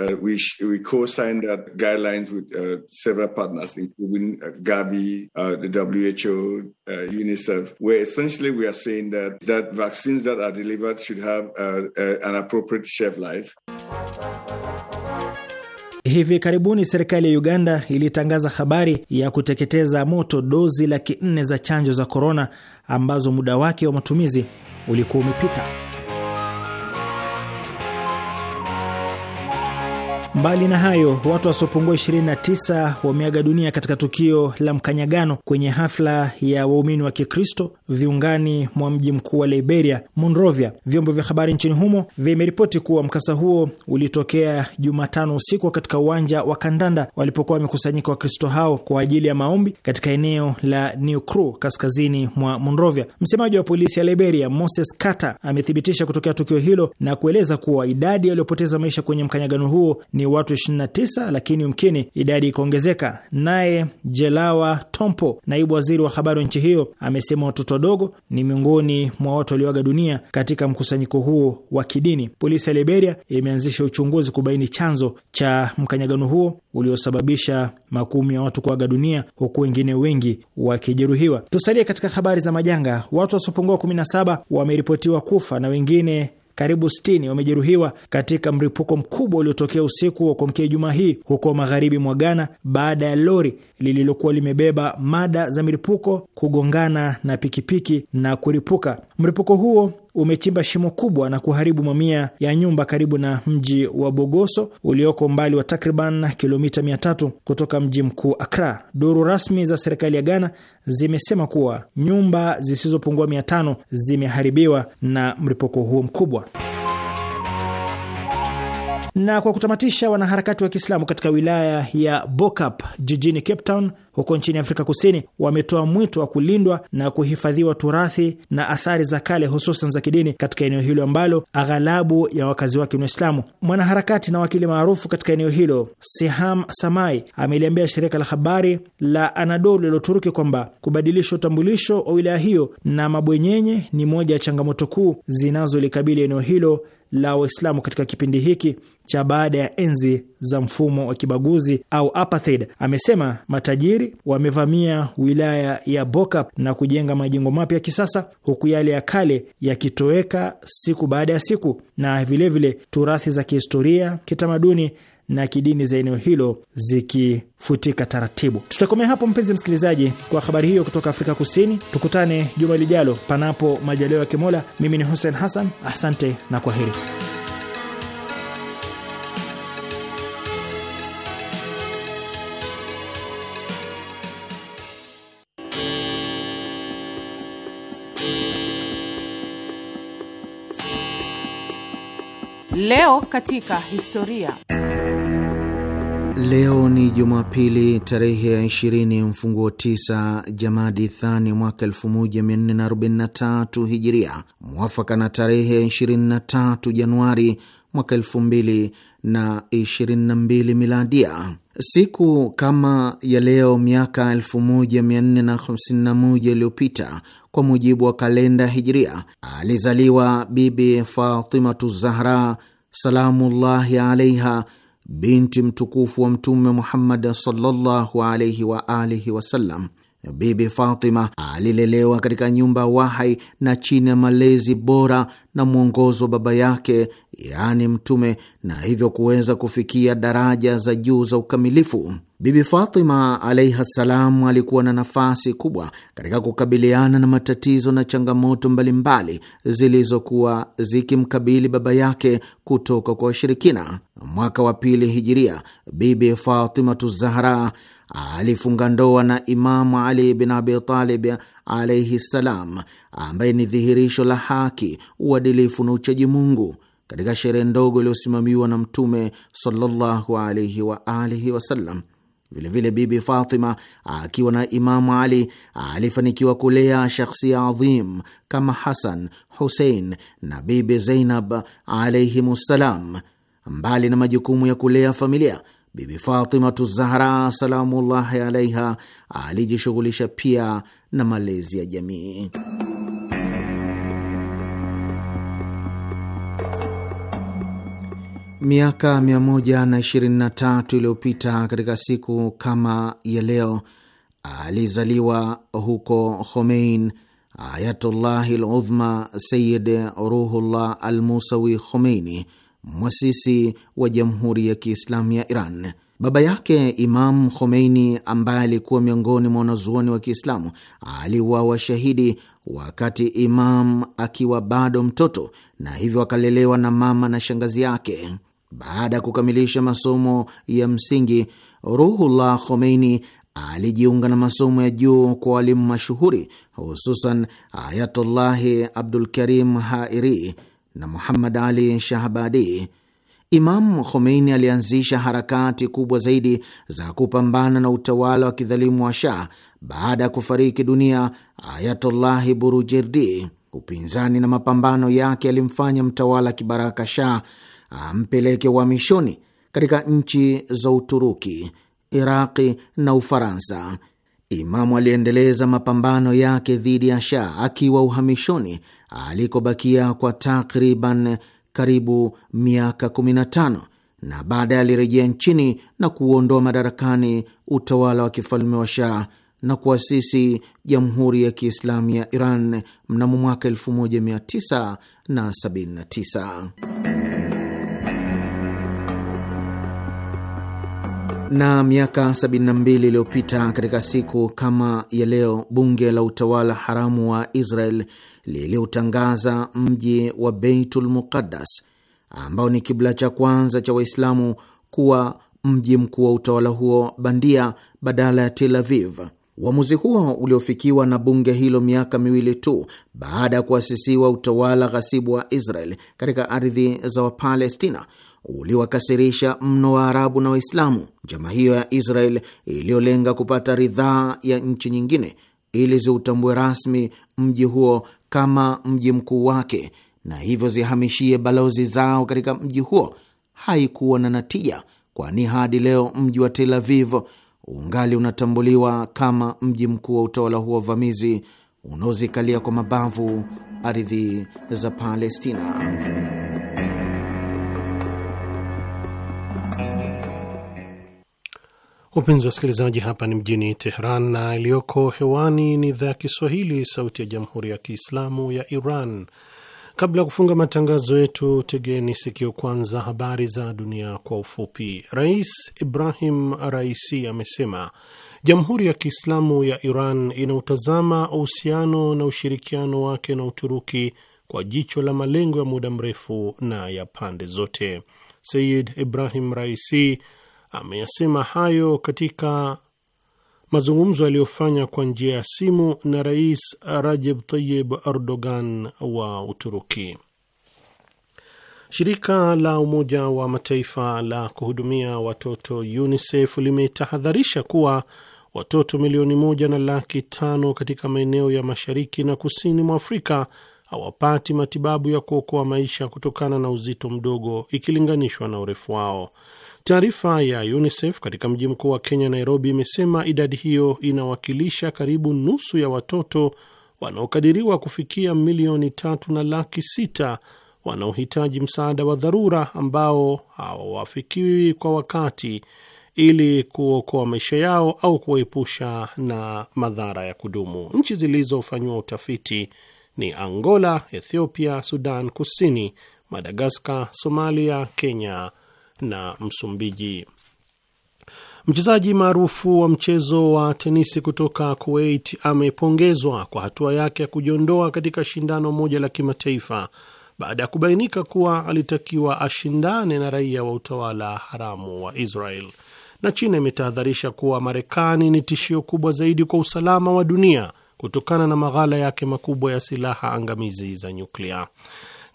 uh, we, we co-signed that guidelines with uh, several partners including uh, Gavi, uh, the WHO, uh, UNICEF, where essentially we are saying that, that vaccines that are delivered should have uh, uh, an appropriate shelf life. Hivi karibuni serikali ya Uganda ilitangaza habari ya kuteketeza moto dozi laki nne za chanjo za korona ambazo muda wake wa matumizi ulikuwa umepita. Mbali na hayo, watu wasiopungua 29 wameaga dunia katika tukio la mkanyagano kwenye hafla ya waumini wa Kikristo viungani mwa mji mkuu wa Liberia, Monrovia. Vyombo vya habari nchini humo vimeripoti kuwa mkasa huo ulitokea Jumatano usiku katika uwanja wa kandanda walipokuwa wamekusanyika Wakristo hao kwa ajili ya maombi katika eneo la New Crew, kaskazini mwa Monrovia. Msemaji wa polisi ya Liberia, Moses Kata, amethibitisha kutokea tukio hilo na kueleza kuwa idadi yaliyopoteza maisha kwenye mkanyagano huo ni ni watu 29, lakini umkini idadi ikaongezeka. Naye Jelawa Tompo, naibu waziri wa habari wa nchi hiyo, amesema watoto wadogo ni miongoni mwa watu walioaga dunia katika mkusanyiko huo wa kidini. Polisi ya Liberia imeanzisha uchunguzi kubaini chanzo cha mkanyagano huo uliosababisha makumi ya watu kuaga dunia huku wengine wengi wakijeruhiwa. Tusalie katika habari za majanga. Watu wasiopungua 17 wameripotiwa kufa na wengine karibu 60 wamejeruhiwa katika mlipuko mkubwa uliotokea usiku wa kuamkia Ijumaa hii huko magharibi mwa Ghana baada ya lori lililokuwa limebeba mada za milipuko kugongana na pikipiki na kuripuka. Mlipuko huo umechimba shimo kubwa na kuharibu mamia ya nyumba karibu na mji wa Bogoso ulioko umbali wa takriban kilomita 300 kutoka mji mkuu Accra. Duru rasmi za serikali ya Ghana zimesema kuwa nyumba zisizopungua 500 zimeharibiwa na mlipuko huo mkubwa. Na kwa kutamatisha, wanaharakati wa Kiislamu katika wilaya ya Bokap jijini Cape Town huko nchini Afrika Kusini wametoa mwito wa kulindwa na kuhifadhiwa turathi na athari za kale hususan za kidini katika eneo hilo ambalo aghalabu ya wakazi wake ni Waislamu. Mwanaharakati na wakili maarufu katika eneo hilo Siham Samai ameliambia shirika la habari la Anadolu liloturuki kwamba kubadilisha utambulisho wa wilaya hiyo na mabwenyenye ni moja ya changamoto kuu zinazolikabili eneo hilo la Waislamu katika kipindi hiki cha baada ya enzi za mfumo wa kibaguzi au apartheid. Amesema matajiri wamevamia wilaya ya Bokap na kujenga majengo mapya ya kisasa, huku yale ya kale yakitoweka siku baada ya siku, na vilevile vile turathi za kihistoria, kitamaduni na kidini za eneo hilo zikifutika taratibu. Tutakomea hapo mpenzi msikilizaji, kwa habari hiyo kutoka Afrika Kusini. Tukutane juma lijalo, panapo majaleo ya Kimola. Mimi ni Hussein Hassan, asante na kwa heri Leo katika historia. Leo ni Jumapili tarehe ya 20 mfunguo 9 Jamadi Thani mwaka 1443 Hijiria, mwafaka na tarehe ya 23 Januari mwaka 2022 Miladia. Siku kama ya leo miaka 1451 iliyopita kwa mujibu wa kalenda Hijiria, alizaliwa Bibi Fatimatu Zahra salamullahi alaiha binti mtukufu wa Mtume Muhammad sallallahu alaihi wa alihi wasallam Bibi Fatima alilelewa katika nyumba ya wahai na chini ya malezi bora na mwongozo wa baba yake, yaani Mtume, na hivyo kuweza kufikia daraja za juu za ukamilifu. Bibi Fatima alaihi ssalam alikuwa na nafasi kubwa katika kukabiliana na matatizo na changamoto mbalimbali zilizokuwa zikimkabili baba yake kutoka kwa washirikina. Mwaka wa pili hijiria, Bibi Fatimatu Zahra alifunga ndoa na Imamu Ali bin Abitalib alaihi ssalam, ambaye ni dhihirisho la haki, uadilifu na uchaji Mungu, katika sherehe ndogo iliyosimamiwa na Mtume sallallahu alaihi wa alihi wasallam. Vilevile Bibi Fatima akiwa na Imamu Ali alifanikiwa kulea shakhsia adhim kama Hasan, Husein na Bibi Zainab alaihimussalam. Mbali na majukumu ya kulea familia Bibi Fatimatu Zahra salamullahi alaiha alijishughulisha pia na malezi ya jamii. Miaka 123 iliyopita katika siku kama ya leo alizaliwa huko Khomein Ayatullahi Ludhma Sayid Ruhullah Almusawi Khomeini, mwasisi wa Jamhuri ya Kiislamu ya Iran. Baba yake Imam Khomeini, ambaye alikuwa miongoni mwa wanazuoni wa Kiislamu, aliuawa shahidi wakati Imam akiwa bado mtoto, na hivyo akalelewa na mama na shangazi yake. Baada ya kukamilisha masomo ya msingi, Ruhullah Khomeini alijiunga na masomo ya juu kwa walimu mashuhuri, hususan Ayatullahi Abdulkarim Hairi na Muhammad Ali Shahbadi, Imamu Khomeini alianzisha harakati kubwa zaidi za kupambana na utawala wa kidhalimu wa Shah baada ya kufariki dunia Ayatullahi Burujerdi. Upinzani na mapambano yake yalimfanya mtawala kibaraka Shah ampeleke uhamishoni katika nchi za Uturuki, Iraqi na Ufaransa. Imamu aliendeleza mapambano yake dhidi ya Shah akiwa uhamishoni alikobakia kwa takriban karibu miaka 15 na baadaye alirejea nchini na kuuondoa madarakani utawala wa kifalme wa Shah na kuasisi Jamhuri ya Kiislamu ya Iran mnamo mwaka 1979. Na miaka 72 iliyopita katika siku kama ya leo, bunge la utawala haramu wa Israel liliotangaza mji wa Beitul Muqaddas ambao ni kibla cha kwanza cha Waislamu kuwa mji mkuu wa utawala huo bandia badala ya Tel Aviv. Uamuzi huo uliofikiwa na bunge hilo miaka miwili tu baada ya kuasisiwa utawala ghasibu wa Israel katika ardhi za Wapalestina uliwakasirisha mno wa arabu na Waislamu. Njama hiyo ya Israel iliyolenga kupata ridhaa ya nchi nyingine ili ziutambue rasmi mji huo kama mji mkuu wake na hivyo zihamishie balozi zao katika mji huo haikuwa na natija, kwani hadi leo mji wa Tel Aviv ungali unatambuliwa kama mji mkuu wa utawala huo vamizi unaozikalia kwa mabavu ardhi za Palestina. Wapenzi wasikilizaji, hapa ni mjini Tehran na iliyoko hewani ni idhaa ya Kiswahili, sauti ya jamhuri ya kiislamu ya Iran. Kabla ya kufunga matangazo yetu, tegeni sikio kwanza habari za dunia kwa ufupi. Rais Ibrahim Raisi amesema jamhuri ya kiislamu ya Iran inautazama uhusiano na ushirikiano wake na Uturuki kwa jicho la malengo ya muda mrefu na ya pande zote. Sayid Ibrahim Raisi ameyasema hayo katika mazungumzo aliyofanya kwa njia ya simu na Rais rajeb Tayyib Erdogan wa Uturuki. Shirika la Umoja wa Mataifa la kuhudumia watoto UNICEF limetahadharisha kuwa watoto milioni moja na laki tano katika maeneo ya mashariki na kusini mwa Afrika hawapati matibabu ya kuokoa maisha kutokana na uzito mdogo ikilinganishwa na urefu wao. Taarifa ya UNICEF katika mji mkuu wa Kenya, Nairobi, imesema idadi hiyo inawakilisha karibu nusu ya watoto wanaokadiriwa kufikia milioni tatu na laki sita wanaohitaji msaada wa dharura ambao hawawafikiwi kwa wakati ili kuokoa maisha yao au kuwaepusha na madhara ya kudumu. Nchi zilizofanyiwa utafiti ni Angola, Ethiopia, Sudan Kusini, Madagaskar, Somalia, Kenya na Msumbiji. Mchezaji maarufu wa mchezo wa tenisi kutoka Kuwait amepongezwa kwa hatua yake ya kujiondoa katika shindano moja la kimataifa baada ya kubainika kuwa alitakiwa ashindane na raia wa utawala haramu wa Israel. Na China imetahadharisha kuwa Marekani ni tishio kubwa zaidi kwa usalama wa dunia kutokana na maghala yake makubwa ya silaha angamizi za nyuklia.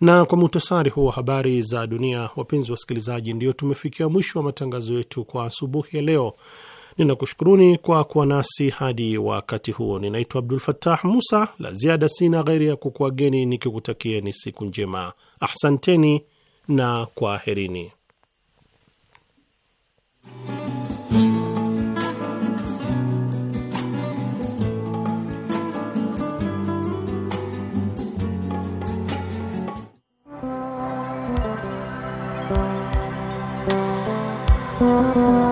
Na kwa muhtasari huu wa habari za dunia, wapenzi wasikilizaji, ndio tumefikia mwisho wa matangazo yetu kwa asubuhi ya leo. Ninakushukuruni kwa kuwa nasi hadi wakati huo. Ninaitwa Abdul fatah Musa. La ziada sina ghairi ya kukuageni nikikutakieni siku njema. Ahsanteni na kwaherini. हा